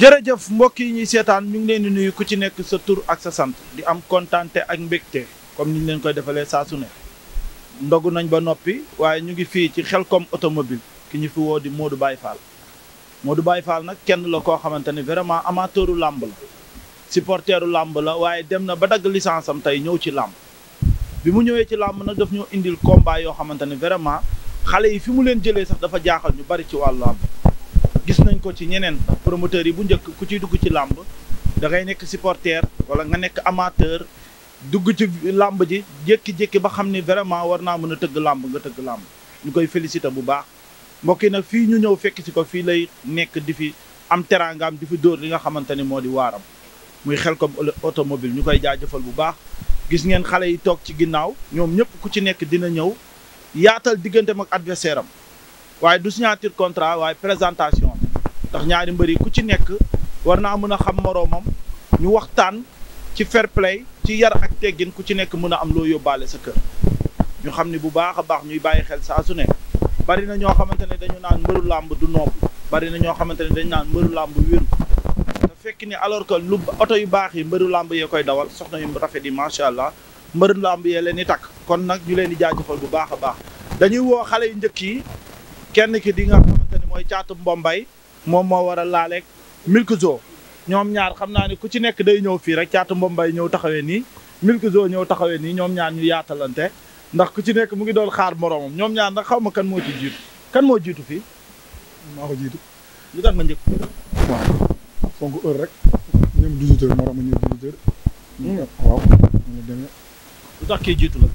jërëjëf mbokk yi ñuy seetaan ñu ngi leen di nuyu ku ci nekk sa tur ak sa sant di am kontante ak mbégte comme ni ñu leen koy defalee saa su ne ndogu nañ ba noppi waaye ñu ngi fii ci xel Xelcom automobile ki ñu fi woo di Modou Baye faal Modou Baye faal nag kenn la koo xamante ne vraiment amateuru làmb la supporteru làmb la waaye dem na ba dagg licence tey ñëw ci làmb bi mu ñëwee ci làmb nag daf ñoo indil combat yoo xamante ne vraiment xale yi fi mu leen jëlee sax dafa jaaxal ñu bari ci wàllu làmb gis nañ ko ci ñeneen promoteurs yi bu njëkk ku ciy dugg ci làmb da nekk supporter wala nga nekk amateur dugg ci làmb ji jékki-jékki ba xam ni vraiment war naa mën a tëgg làmb nga tëgg làmb ñu koy féliciter bu baax mbokk yi fii ñu ñëw fekk ci ko fii lay nekk di fi am teraangam di fi dóor li nga xamante ni moo di waaram muy xel Khelcom automobile ñu koy jaajëfal bu baax gis ngeen xale yi toog ci ginnaaw ñoom ñëpp ku ci nekk dina ñëw yaatal digganteem ak adversaire ndax ñaari mbër yi ku ci nekk war naa mën a xam moroomam ñu waxtaan ci fair play ci yar ak teggin ku ci nekk mën a am loo yóbbaale sa kër ñu xam ne bu baax a baax ñuy bàyyi xel saa su ne bari na ñoo xamante ne dañu naan mbëru làmb du noom bari na ñoo xamante ne dañu naan mbëru làmb wéru te fekk ni alors que lu oto yu baax yi mbëru làmb yee koy dawal soxna yu rafet yi macha allah mbëru làmb yee leen di takk kon nag ñu leen di jaajëfal bu baax a baax dañuy woo xale yu njëkk yi kenn ki di nga mooy caatu Mbombay moom moo war a laaleeg Milkzo ñoom ñaar xam naa ne ku ci nekk day ñëw fii rek caatu Mbombay ñëw taxawee nii Milkzo ñëw taxawee nii ñoom ñaar ñu yaatalante ndax ku ci nekk mu ngi doon xaar moroomam ñoom ñaar nag xaw ma kan moo ci jiitu kan moo jiitu fii. maa ko jiitu. lu tax nga njëkk. waaw fonk rek ñoom 18h moroom ñoom kii jiitu la.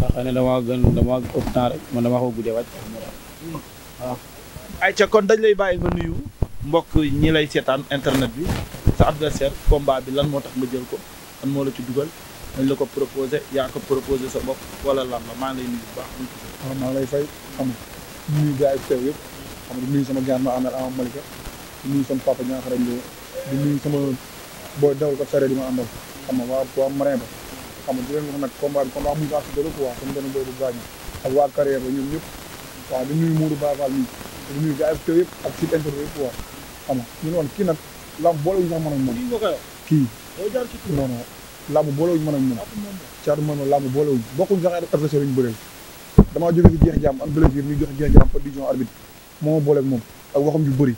waaw xëy na damaa gën damaa ëpp temps rek man damaa ko guddee wàcc. Hmm. waaw. ay ca kon dañ lay bàyyi nga nuyu mbokk ñi lay seetaan internet bi sa adversaire combat bi lan moo tax nga jël ko lan moo la ci dugal dañ la ko proposé yaa ko proposé sa bopp wala lan la maa ngi lay nuyu bu baax. Ah, maa lay fay xam nga nuyu gars yi teew yëpp xam nga nuyu sama gaan ma àndal Ama Malika di nuyu sama papa ñaaxara Ndiol di nuyu sama booy dawal ko sare di ma àndal xam nga waa waa marin ba xam nga di leen wax nag combat bi combat mu ngi àgg si dara quoi sama benn booy bu gaañu ak waa carrière ba ñoom ñëpp waaw di nuyu Mourou Ba Fall mii nuyu gars yi ak site internet xam nga ñu ne kii nag làmb boolewuñu sax mën ak moom kii non non làmb boolewuñu mën ak moom caatu mën làmb boolewuñu bokkuñ sax adversaire ñu bëreel damaa jóge jeex jàmm am blessure ñu joxe jeex jàmm par décision arbitre moo ma booleeg moom ak waxam ju bëri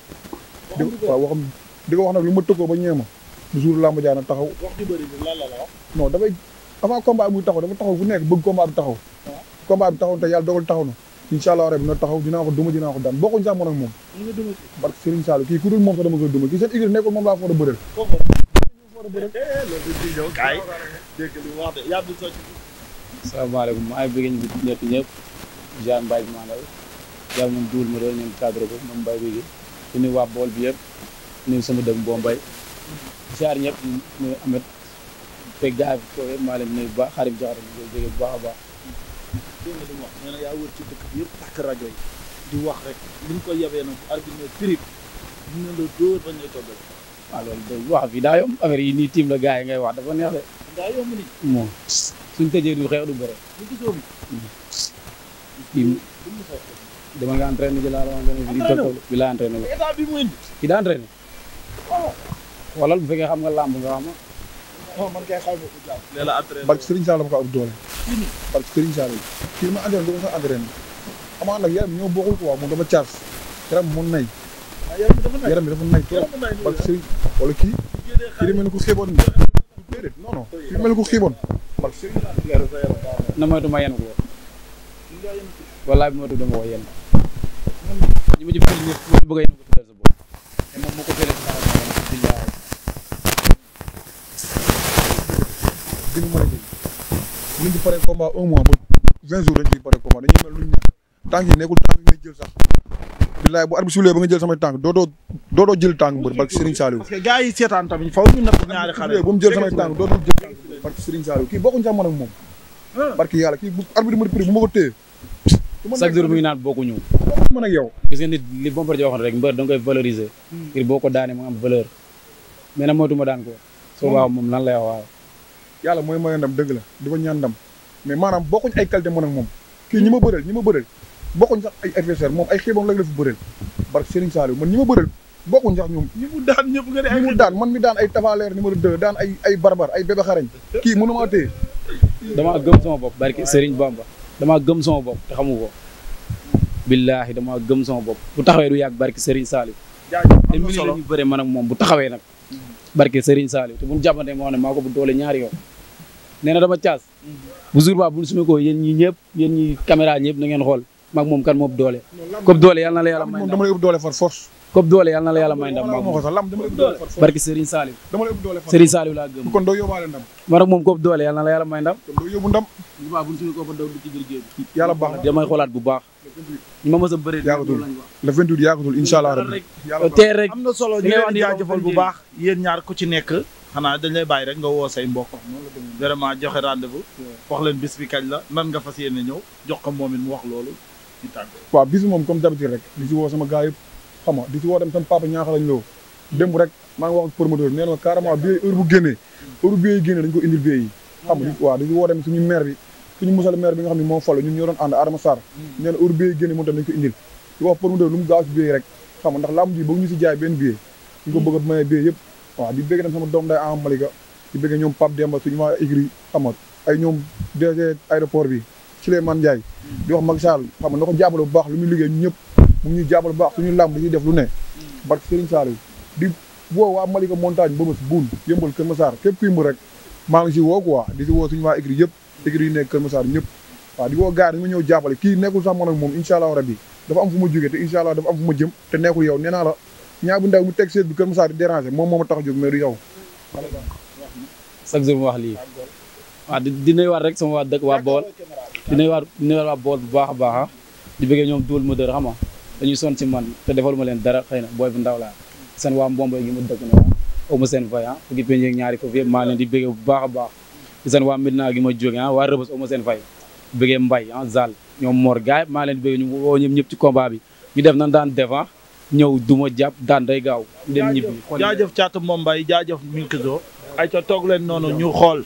waaw waxam di wax nag lu ma tëkkoo ba ñëwee ma du jour làmb jaana taxaw wax ju bëri lan la wax non dafay avant combat bi taxaw dafa taxaw fu nekk bëgg combat bi taxaw ah. combat bi taxaw te yàlla dogal taxaw na incha allah rabi na taxaw dinaa ko duma dinaa ko daan boo ko jàmmoon ak moom parce que Serigne Saliou kii ku dul moom sax dama koy duma kii seen igri nekkul moom laa foor a bëreel salaamaaleykum maa ngi bëgg ñu ñett ñëpp Jean bi maanaam yàlla moom duul ma doon ñoom cadre ko moom Mbaye bi di nuyu waa bool bi yëpp nuyu sama dëkk boo mbay jaar ñëpp ñu amet te gaay bi maa leen nuyu ba xarit jaxar ñu bu baax a baax dégg nga li mu na yaa wër ci dëkk bi yëpp rajo yi di wax rek li ko yebee nag bu arbitre prix bi ñu ne la dóor wax fii daa yomb yi nii tiim la gars yi ngay wax dafa neex de. daa moom suñ tëjee du xeex du bëre. bu kii dama nga entraîné ji laa la entraîné bi di toggal bi laa entraîné la. état bi mu indi. ki daa entraîné. Oh. bu fekkee xam nga làmb nga xam non man kay xaw ma ko jàpp. nee la entraîné barke Serigne Sall ma ko am doole. barke Serigne Sall kii ma entraîné du ma sax entraîné amaa yaram ñoo bokkul quoi moom dafa caas yaram mu ah, yaram bi nay yaram bi dafa nay trop barke Serigne wala kii kii di mel ni ku xiiboon nii déedéet non non kii mel ni ku xiiboon barke Serigne na moytu ma yenn ko walaay ma ci bëgg ñëpp bëgg a yenn ko tuddal sa dañu mën a jël bu ñu ba vingt jours dañ ciy paree combat dañuy mel lu ñu tànk yi nekkul tànk sax billaay bu arbitre suulee ba nga jël samay tànk doodoo doodoo jël tànk mbër barke Serigne Saliou. parce yi seetaan tamit faaw ñu natt ñaari xale. bu mu jël samay tànk doodoo jël tànk sax man moom. Ah. barke yàlla kii bu arbitre ma prix bu ma ko téye. chaque jour mu ngi naan bokkuñu. bokkuñu man ak yow. gis nga nit li Bombardier waxoon rek mbër da nga koy valoriser. Hmm. boo ko daanee mu am valeur. mais nag moytu ma daan ko. soo waaw moom nan la wax waaw yàlla mooy may ndam dëgg la di ko ñaan ndam mais maanaam bokkuñ ay qualité mën moom kii ñi ma bëreel ñi ma bëreel bokkuñ sax ay adversaire moom ay xiibam rek la fi bëreel barke Serigne Saliou man ñi mu daan ñëpp nga ne ay ñi mu daan man mi daan ay tafaleer numéro 2 daan ay ay barbar ay bébé xarañ kii mënuma téye damaa gëm sama bopp barke Serigne Bamba damaa gëm sama bopp te xamu ko bu taxawee du yàgg barke Serigne Saliou te mini la ñu bëre man ak moom bu taxawee nag mm-hmm. barke Serigne Saliou te buñ jàppante moo maa ko bu doole ñaari yoo nee na dama caas bu jour ba bu suñu ko yéen ñi ñëpp yéen ñi caméra ñëpp na ngeen xool maag moom kan moom doole kob doole yàlla na la yàlla may ndam dama lay ëpp doole far force kob doole yàlla na la yàlla may ndam maag barki Serigne Saliou dama lay ëpp doole far Serigne Saliou laa gëm kon doo yóbbaale ndam man ak moom kob doole yàlla na doo yóbbu ndam bu baax bu suñu ko fa ci biir géej baax ñu ma mos a bëree yaakatul allah rabbi tey rek am na solo bu baax yéen ñaar ku ci nekk xanaa dañ lay bàyyi rek nga woo say mbokk vraiment joxe rendez-vous wax leen bis bi kañ la nan nga fas yéene ñëw jox ko moom it mu wax loolu ñu tàggoo waaw moom comme d'habitude rek di si woo sama gars yëpp xam nga di woo dem lañ loo hmm. maa ngi wax ak promoteur nee na carrément bi hmm. ko indil bi yi hmm. xam nga di si woo dem suñu maire bi suñu musal maire bi nga xam ne moo falu ñun ñoo doon ànd Adama Sarr nee na heure bi génnee moom tam dañ ko indil di wax promoteur lu mu gaaw si bi rek xam nga ndax laamu ji bëgg ñu si jaay benn bi ñu ko bëgg a maye bi yëpp waaw di bëgg nag sama doom day am Malika di bëgg ñoom Pape Demba suñu ma écrit amat ay ñoom DG aéroport bi Souleymane Ndiaye di wax Macky Sall xam nga na ko jàppale bu baax lu muy liggéey ñu ñëpp mu ñuy jàppale bu baax suñu làmb dañuy def lu ne barke Serigne Saliou di woo waa Malika montagne Mbëbës Buun yëmbal Kër Massar képp kuy mbër rek maa ngi si woo quoi di si woo suñu waa écrit yëpp écrit yi nekk Kër Massar ñëpp waa di woo gars yi ma ñëw jàppale kii nekkul sax moom incha allah rabbi dafa am fu ma jógee te incha allah dafa am fu ma jëm te nekkul yow nee naa ñaa bu ndaw bu teg seet bi Kër Moussa di déranger moo ma tax a jóg mais du yow. chaque jour lii waaw di di nuyuwaat rek sama waa dëkk waa Bool di nuyuwaat di nuyuwaat waa Bool bu baax a baax ah. di bëggee ñoom duul ma dër xam nga dañuy son ci man te defal ma leen dara xëy na booy bu ndaw laa seen waa mbombo gi mu dëkk ne ah. aw ma seen fay ah fukki ñaari foofu maa leen di bëggee bu baax a seen waa Medina gi ma jóge ah waa Rëbës aw ma seen fay bëggee mbay ah Zal ñoom Mor gaay maa leen di bëggee ñu woo ñëpp ñëpp ci combat bi ñu def nan daan def ah. ñëw duma jàpp daan day gaaw. dem ñibbi jaajëf caatu Mombaay jaajëf Milkzo. ay ca toog leen noonu ñu xool.